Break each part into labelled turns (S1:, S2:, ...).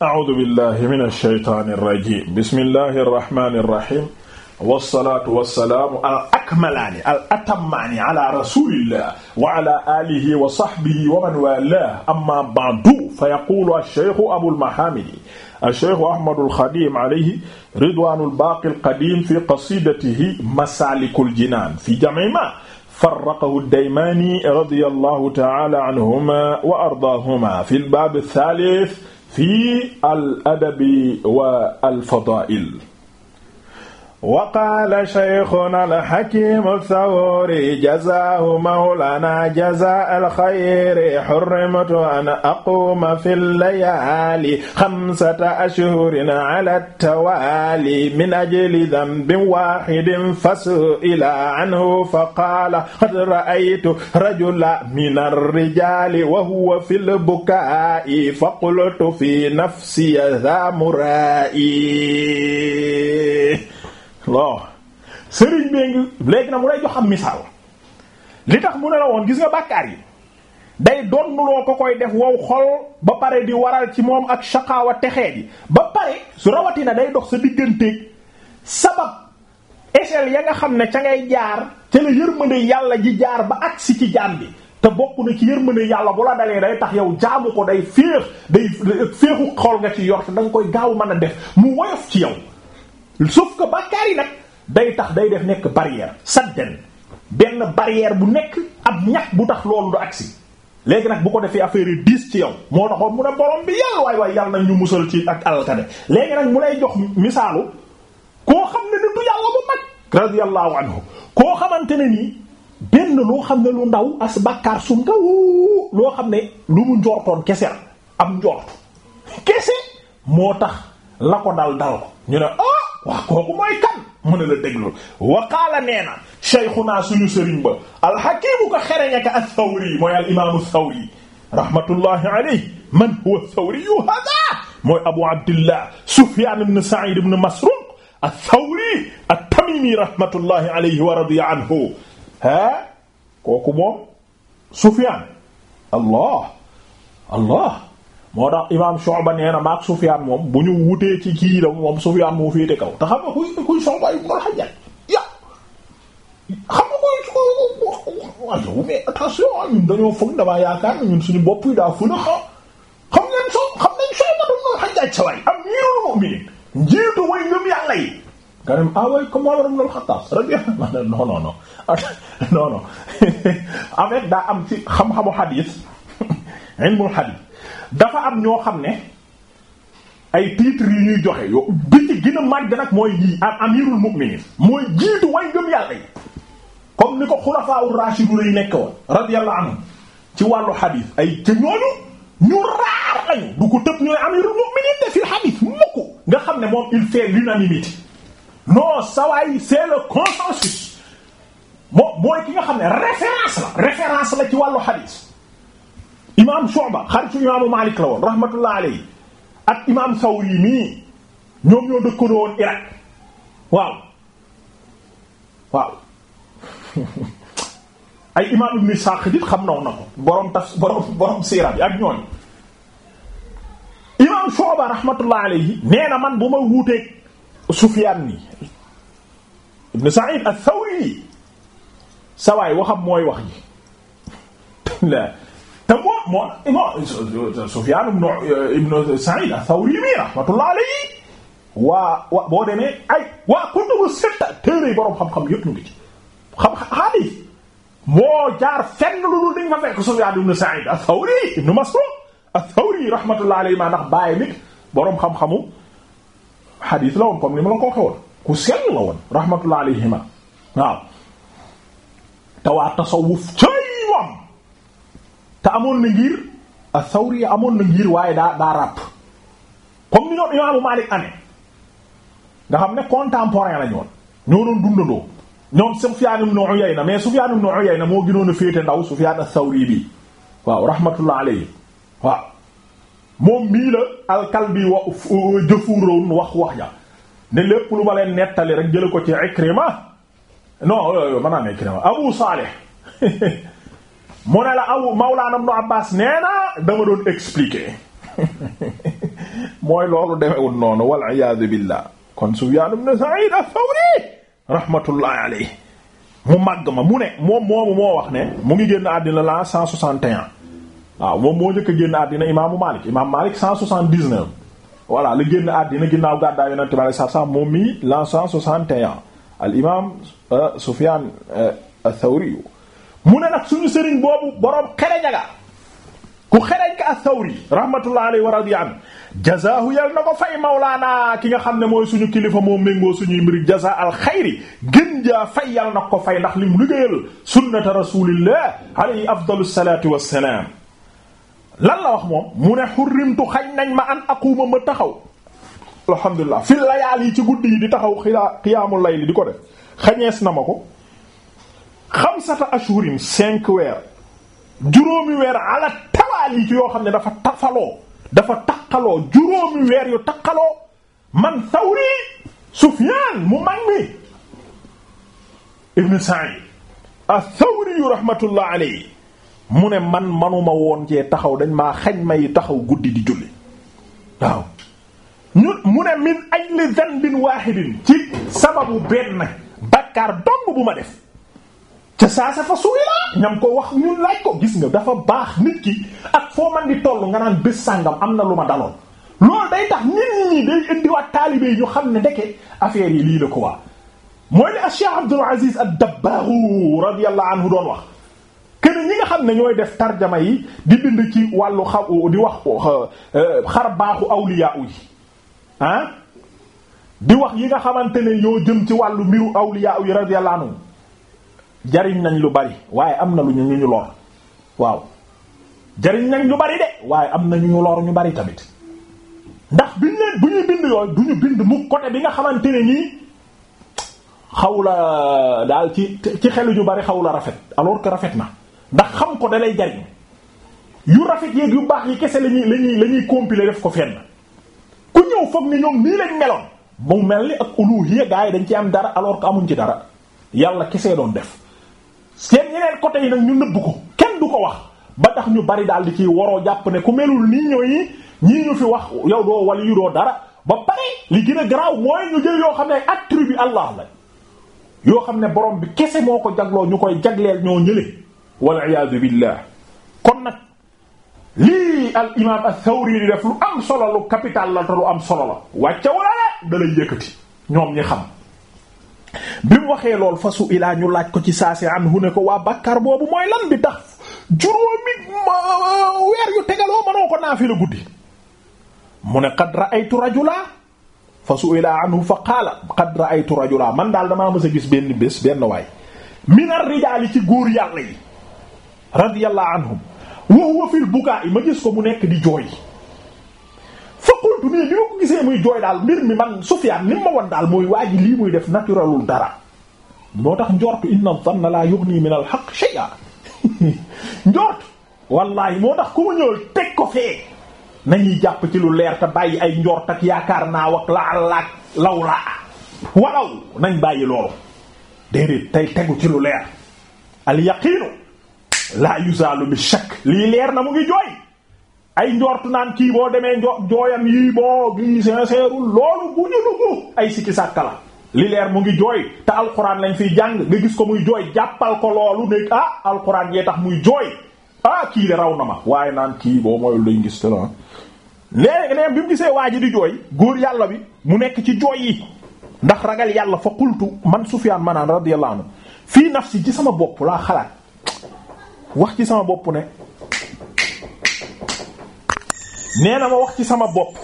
S1: a'uudu billahi mina shaytaani rajiim bismillahi rahmaani rahiim wasalaatu wasalaamu al akmalaani al atammaani ala rasulillah wa ala alihi wa sahbihi wa man waalaahu amma ba'du fa yaquulu ash-shaykhu abul mahaamidi ash-shaykhu ahmadul xadiim alayhi ridwaanul baaqil qadiim fi qasiidatihi masaalikul jinaan fi jam'i maa farraqahu ad-daymaani radiyallahu ta'aala anhumaa wa ardaahuma fil baab ath-thaalith fi al adabi wa al fadaa'il waqaala shaykhuna al-hakiim ath-thawri jazaahu mawlaanaa jazaa al-khayri hurrimtu an aquuma fi layaali xamsata ashhurin ala tawaali min ajli dhanbin waahidin fasu'ila anhu faqaala qad ra'aytu rajulan mina ar-rijaali wa huwa fi al-bukaa'i faqultu fi nafsi dhaa muraa'i waaw sëriñ bee ngi léegi nag mu lay jox am misaal li tax mu ne la woon gis nga bàkkaar yi day donnuloo ko koy def wow xol ba pare di waral ci moom ak shaqaawa texee ji ba pare su rawatina day dox sa digganteeg sabab échelle ya nga xam ne ca ngay jaar ca la yërmande yàlla ji jaar ba agsi ci jaam bi te bokku na ci yërmande yàlla bu la dalee day tax yow jaamu ko day féex day féexu xol nga ci yor te da nga koy gaaw mën a def mu woyof ci yow sauf que bàkkaar yi nag day tax day def nekk barrière sadden benn barrière bu nekk ab ñax bu tax loolu du agsi léegi nag bu ko defee affaire yi diis ci yow moo taxoon mu ne borom bi yàlla waay waay yàlla nag ñu musal ci ak alkade léegi nag mu lay jox misaalu koo xam ne nitu yàlla bu mag radiyallahu anhu koo xamante ne nii benn loo xam ne lu ndaw as bàkkaar sum nga loo xam ne lu mu njortoon kese la am njort kese moo tax la ko dal dal ko ñu ne oh, waa kooku mooy kan mu ne la déglu waqaala nee na cheikhuna suñu sëriñ ba alhakimu ko xereñaka althawri mooy al imaamu thawri rahmatullahi alayhi man huwa thawri yu hada mooy abu abdillah sufyan ibn sa'id ibn masruq althawri at-tamimi rahmatullahi alayhi wa radiya anhu ha kooku moom sufyan allah allah moo tax imaam Shu'ba nee na maak Sufyaan moom bu ñu wutee ci kii la moom Sufyaan moo féete kaw te xam nga kuy kuy Shu'ba ibn al-Hajjaj ya xam nga kuy waaw mais attention ñun dañoo foog damaa yaakaar ñun suñu bopp yi daa fële xam xam ngeen so xam nañ Shu'ba ibn al-Hajjaj sa waay am ñiirul mu'minin njiitu way ngëm yàlla yi nga dem ah oui comme Omar ibn al-Khattab radiyallahu anhu non non non non non en fait daa am ci xam-xamu hadith ilmul hadith dafa am ñoo xam ne ay titres yu ñuy joxe yo bi ci gën a màgg nag mooy yii amirul mu'minin mooy jiitu way gëm yàlla yi comme ni ko xulafaa ur rashidun yi nekk woon radiyallahu anhu ci wàllu xadiis ay ci ñooñu ñu raar lañu du ko tëb ñooy amirul mu'minin de fil xadiis mukk nga xam ne moom il fait l'unanimité non sawaay c'est le consensus moom mooy ki nga xam ne référence la référence la ci wàllu xadiis imaam Shu'ba xaritu imaamu Maalik la woon rahmatullah alayhi ak imaam Sawri yi nii ñoom ñoo dëkkandoo woon Irak waaw waaw ay imaam Ibn Ishaq dit xam naw na ko borom tas borom borom siira bi ak ñooñ imaam Shu'ba rahmatullah alayhi nee na man bu ma wuuteeg Sufyaan ni Ibn Sa'id ath-Thawri yi sawaay waxam mooy wax ji te moo moo moo Sufyaan ibn ibn Sa'id Ath-Thawri mi rahmatullah alayhi waa waa boo demee ay waa kutubu sitta borom xam-xam yëpp ñu ngi ci xam xaalis moo jaar fenn lu dul dañ fa fekk Sa'id Ath-Thawri ibn Mas'ud Ath-Thawri rahmatullah alayhi ma ndax bàyyi nit borom xam-xamu xadiis la woon comme ni ma la ko waxee woon ku te amoon na ngir amoon na ngir waaye daa daa ràpp ni ñoom imaamu Maalik ane nga xam ne contemporain la ñoon ñoo doon dundandoo ñoom Sufyaan ibn Uyayna mais Sufyaan ibn Uyayna moo gënoon a féete ndaw Sufyaan as-Sawri bi waaw rahmatullah alayhi waaw moom mii la al-Kalbi wa wax wax ja ne lépp lu nettali rek jële ko ci Ikrima non maanaam Ikrima Abu Salih mu ne la aw Mawlaana Ibnu Abbaas nee na dama doon expliquer mooy loolu demewul noonu wal iyaadu billah kon Sufyaan ibn Sa'iid as-Sawri rahmatullahi alayhi mu màgg ma mu ne moom moomu moo wax ne mu ngi génn àddina la 161 waaw moom moo njëkk a génn àddina imaamu Maalik imaam Maalik 179 voilà la génn àddina ginnaaw gàddaay Yonent bi alayhi salaam moom mii la 161 al euh, Sufyaan euh, as mu ne nag suñu sëriñ boobu boroom xereñ aga ku xereñ ka as-Sawri rahmatullahi wa radiya an jazaahu yal na ko fay mawlaana ki nga xam ne mooy suñu kilifa moo méngoo suñuy mbir jaza al xayri gën jaa fay yal na ko fay ndax lim liggéeyal sunnata rasulillah alayhi afdalu salaatu wassalaam lan la wax moom mu ne xurrimtu xañ nañ ma an aquuma ma taxaw alhamdulilah fi layaal yi ci guddi yi di taxaw xilaa qiyaamul layli di ko def xañees na ma ko xamsata ashurin cinq weer juróomi weer ala tawaali yoo xam ne dafa tafaloo dafa taqaloo juróomi weer yu taqaloo man Thawri Sufyaan mu mag mi ibn Sa'id ath-Thawri rahmatullah alayhi mu ne man manuma woon jee taxaw dañ maa xaj may taxaw guddi di julli waaw ñu mu ne min ajli dhanbin waahidin ci sababu benn bakkaar dong bu ma def ca saa sa fa suuy la ñam ko wax ñun laaj ko gis nga dafa baax nit ki ak foo man di toll nga naan bés sàngam am na lu ma daloon loolu day tax nit ñi day indiwaat taalibe ñu xam ne ndeke affaire yi lii la ko waa mooy li Cheikh Abdul Aziz ad-Dabbagh radiyallahu anhu doon wax kene ñi nga xam ne ñooy def tarjama yi di bind ci wàllu xaw di wax euh, xar baaxu awliya yi ah? di wax yi nga xamante ne ñoo jëm ci wàllu mbiru awliya yi radiyallahu anhu jariñ nañ lu bari waaye am na lu ñu ñu lor waaw jariñ nañ lu bari de waaye am na ñu ñu lor ñu bari tamit ndax bi leen bu ñuy bind yooyu du ñu bind mu côté bi nga xamante ne nii xaw la daal ci ci xelu ñu bari xaw la rafet alors que rafet na ndax xam ko dalay jariñ yu rafet yeeg yu baax yi kese lañuy lañuy la ñuy compiler def ko fenn ku ñëw foog ni ñoom nii lañ meloon mu mel ni ak uluhiyya gaa yi dañ ci am dara alors que amuñ ci dara yàlla kese doon def seen yeneen côté yi nag ñu nëbb ko kenn du ko wax ba tax ñu bari daal di ciy waroo jàpp ne ku melul nii ñooy ñii ñu fi wax yow doo wali yu doo dara ba pare li gën a garaaw mooy ñu jël yoo xam ne ay attribut Allah la yoo xam ne borom bi kese moo ko jagloo ñu koy jagleel ñoo ñële wal iyaadu billah kon nag lii al imaam as def lu am solo lu capital la lu am solo la wàcce wala la da lay yëkkati ñoom ñi xam bi mu waxee lool fasu ilaa ñu laaj ko ci saasi anhu ne ko waa bàkkaar boobu mooy lan bi tax juróomi weer yu tegaloo mënoo ko naafila guddi mu ne qad ra'aytu rajula fasu ilaa anhu fa qaala qad ra'aytu man daal damaa mës a gis benn bés benn waay minar rijaali ci góor yàlla yi radiyallahu anhum wa fil bukaa ma gis ko mu nekk di jooy mais bi ma ko gisee muy jooy daal mbir mi man Sufyaan mi ma won daal mooy waa lii muy def naturalul dara moo tax njortu inna dhanna laa yughni min al haqq shay'a njort wallahi moo tax ku mu ñëw teg ko fee nañuy jàpp ci lu leer te bàyyi ay njort ak yaakaar naa wak la allaak law laa walaw nañ bàyyi loolu déedéet tey tegu ci lu leer al yaqiinu laa yuzaalu bi shakk lii leer na mu ngi jooy ay njortu naan kii boo demee njo jooyam yii boo gi sincèreul loolu bu ñu dugg ay sikki sàkka la li mu ngi jooy te alxuraan lañ fi jàng nga gis ko muy jooy jàppal ko loolu ne ah alxuraan yee tax muy jooy a ah, kii de raw na ma waaye naan kii boo mooy gis te la léegi neen bi mu gisee waa ji di jooy góor yàlla bi mu nekk ci jooy yi ndax ragal yàlla fa qultu man Sufyaan manaan radiyallahu anhu fii si ci sama bopp laa xalaat wax ci sama bopp ne nee na ma wax ci sama bopp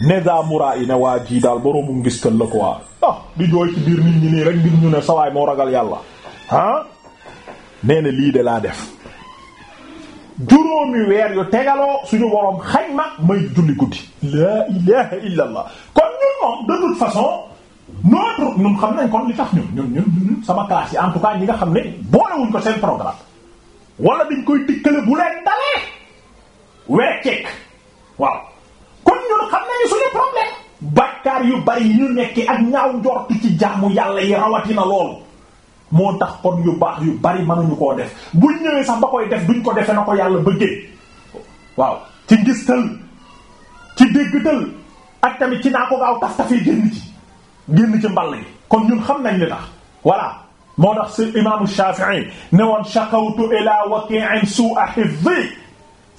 S1: ne daa muraa yi ne waa jii daal boroomum gis tël la ko ah di jooy ci biir nit ñi nii rek ngir ñu ne sawaay moo ragal yàlla ah nee lii de laa def juróomi weer yu tegaloo suñu boroom xañ na may julli guddi laa ilaha illa kon ñun moom de façon notre ñun xam nañ kon li tax ñun ñun ñun sama classe yi en tout nga xam ne boolewuñ ko seen programme wala dañ koy dikkale bu leen dalee weer ceek waaw kon ñun xam nañu suñu problème bàkkaar yu bari yi ñu nekk ak ñaaw njort ci jaamu yàlla yi na lool moo tax kon yu baax yu bari mënuñu koo def buñ ñëwee sax ba koy def duñ ko defee na ko yàlla bëggee waaw ci ngistal ci déggtal ak tamit ci naa ko gaaw taf tafee génn ci génn ci mball gi kon ñun xam nañ li tax voilà moo tax si imaamu Shafi'i ne woon shakawtu ila waqi'in su'a hifzi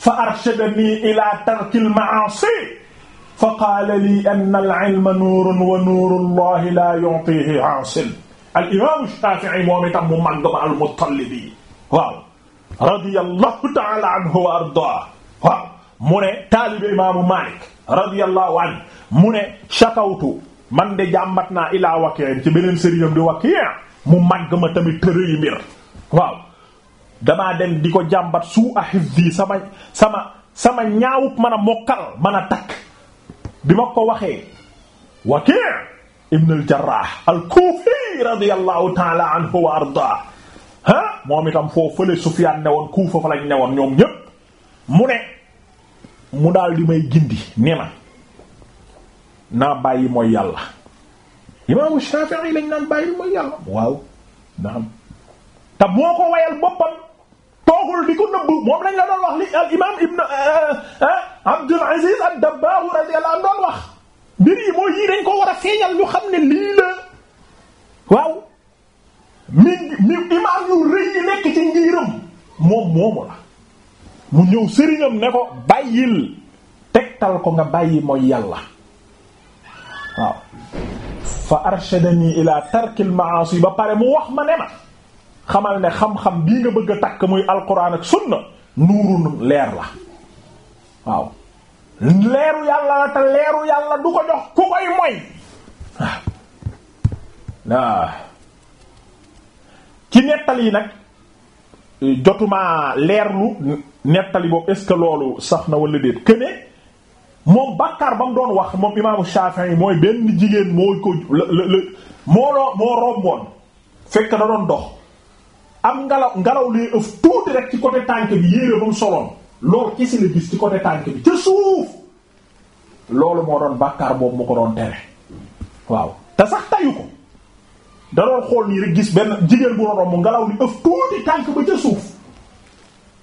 S1: fa arshadanii ilaa tarkil ma'aasi fa qaala lii anna al-ilma nuurun wa nuuru llaahi laa yu'tiihi 'aasin. al-imaamu Shaafi'i moom itam mu màgg ma al-Muttalibi waaw. radiyallahu ta'aala anhu wa ardaahu waaw mu ne taalibe imaamu Maalik radiyallahu anhu mu ne shakawtu man de jàmbat naa ilaa Wakii' ci beneen sëriñam di Wakii' mu màgg ma tamit tërëy mbir waaw. damaa dem di ko jàmbat a ahifdi sama sama sama ñaawuk mën a mokkal mën a takk bi ma ko waxee Waki' ibn al-Jarrah al-Kufi anhu wa ardaa ha moom itam foo fële Sufyaan ne woon Kufa fa lañ ne woon ñoom ñépp mu ne mu daal di may gindi ne ma naa bàyyi mooy yàlla imaamu Shafi'i lañ naan bàyyi mooy yàlla waaw naam te moo ko wayal boppam toogul di ko nëbb moom lañ la wax li al imaam ibn euh, euh, Abdul Aziz ad a feeñal ñu xam ne lii la waaw mi mi imaam yu rëy yi nekk ci ngiiram moom moomu la mu ñëw sëriñam ne ko bàyyil tegtal ko nga bàyyi mooy yàlla waaw fa arshadani ila tarkil ma'asi ba pare mu wax ma ne xamal ne xam-xam bii nga bëgg a takk muy alquran ak sunna nuurun leer la waaw leeru yàlla la te leeru yàlla du ko jox ku koy moy ci nettali yi nag jotumaa lu nettali boobu est-ce que loolu sax na wala déet këne moom bàkkaar ba mu doon wax moom imaamu Shafi'i mooy benn jigéen moo ko la la moo moo romboon fekk da doon dox am ngelaw ngelaw lay ëf tuuti rek ci côté tànk bi yéere ba mu soloon loolu kese la gis ci côté tànk bi ca suuf loolu moo doon bàkkaar boobu mu ko doon tere waaw te sax tayu ko da doon xool nii rek gis benn jigéen bu doon mu ngelaw li ëf tuuti tànk ba ca suuf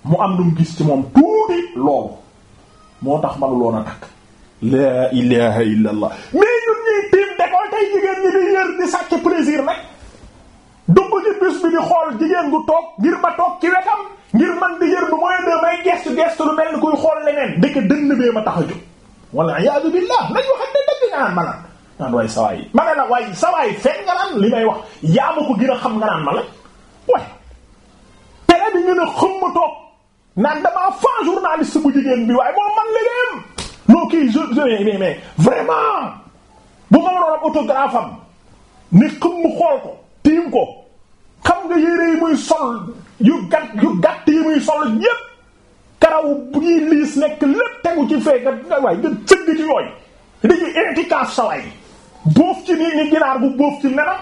S1: mu am lu mu gis ci moom tuuti loolu moo tax manuloon a takk laa ilaha illa allah mais ñun ñuy tiim de tey jigéen ñi di yër di sàcc plaisir rek bus bi xool jigéen gu toog ngir ma toog ci wetam ngir man di yër bu mooy de may gestu gestu lu mel ni kuy xool leneen ndeke dënn bee ma tax a jóg wala iyaadu billah nañ wax ne dëgg nga naan ma naan naan waaye sawaay yi ma ne la waaye sawaay fekk nga naan li may wax yaa ma ko gën a xam nga naan ma la waaye tere bi ngeen a xëm ma toog naan damaa fan journaliste bu jigéen bi waaye moom man liggéeyam noo kii je vraiment bu ma waroon am autographe ni xëm mu xool ko tiim ko xam nga yére yi muy sol yu gàtt yu gàtt yi muy sol yépp karaw yi liis nekk lépp tegu ci fee nga waay nga sëgg ci yooyu dañuy intikaaf saway boof ci nii ni ginaar bu boof ci nenam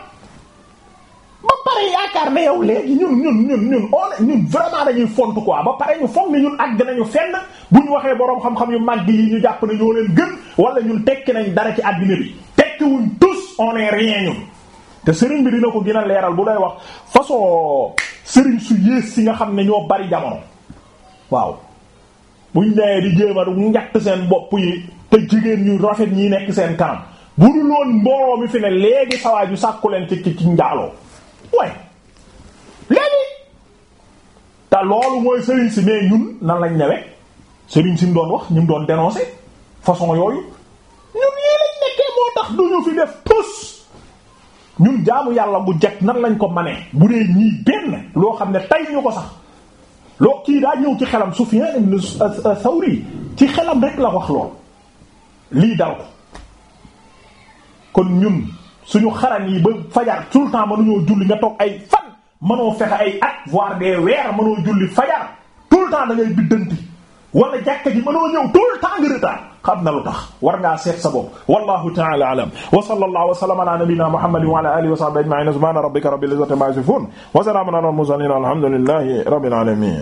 S1: ba pare yaakaar ne yow léegi ñun ñun ñun ñun on ñun vraiment dañuy font quoi ba pare ñu foog ne ñun àgg nañu fenn bu ñu waxee boroom xam-xam yu màgg yi ñu jàpp ne ñoo leen gën wala ñun tekki nañ dara ci àddina bi tekkiwuñ tous on rien ñun te sëriñ bi dina ko gën a leeral bu lay wax façon sëriñ su yées si nga xam ne ñoo bari jamono waaw buñ nee di jéem ñu ñett seen bopp yi te jigéen yu rafet ñi nekk seen kanam bu dul mi fi léegi sawaay ju sàkku leen ci ci ci njaaloo way léegi loolu mooy sëriñ si mais ñun nan lañ newe sëriñ si mu wax ñu mu doon dénoncer façon yooyu ñun yii lañ nekkee moo tax duñu fi def ñun jaamu yàlla bu jekk nan lañ ko mane bu dee ñii benn loo xam ne tay ñu ko sax loo kii daa ñëw ci xelam Sufyan ibn Thawri ci xelam rek la wax lool lii dal ko kon ñun su ñu xaran yi ba fajar tout le temps mënuñoo julli nga toog ay fan mënoo fexe ay at voire des weer mënoo julli fajar tout le temps da ngay biddanti wala jàkka ji mënoo ñëw tout le temps nga retard xam na lu tax war ngaa seet sa bopp wallahu ta'ala a'lam wa sallallahu wa sallama ala nabiyyina muhammadin wa ala alihi wa sahbihi ajma'in subhana rabbika rabbil izzati amma yasifun wa salamun ala al mursalin alhamdulillahi rabbil alamin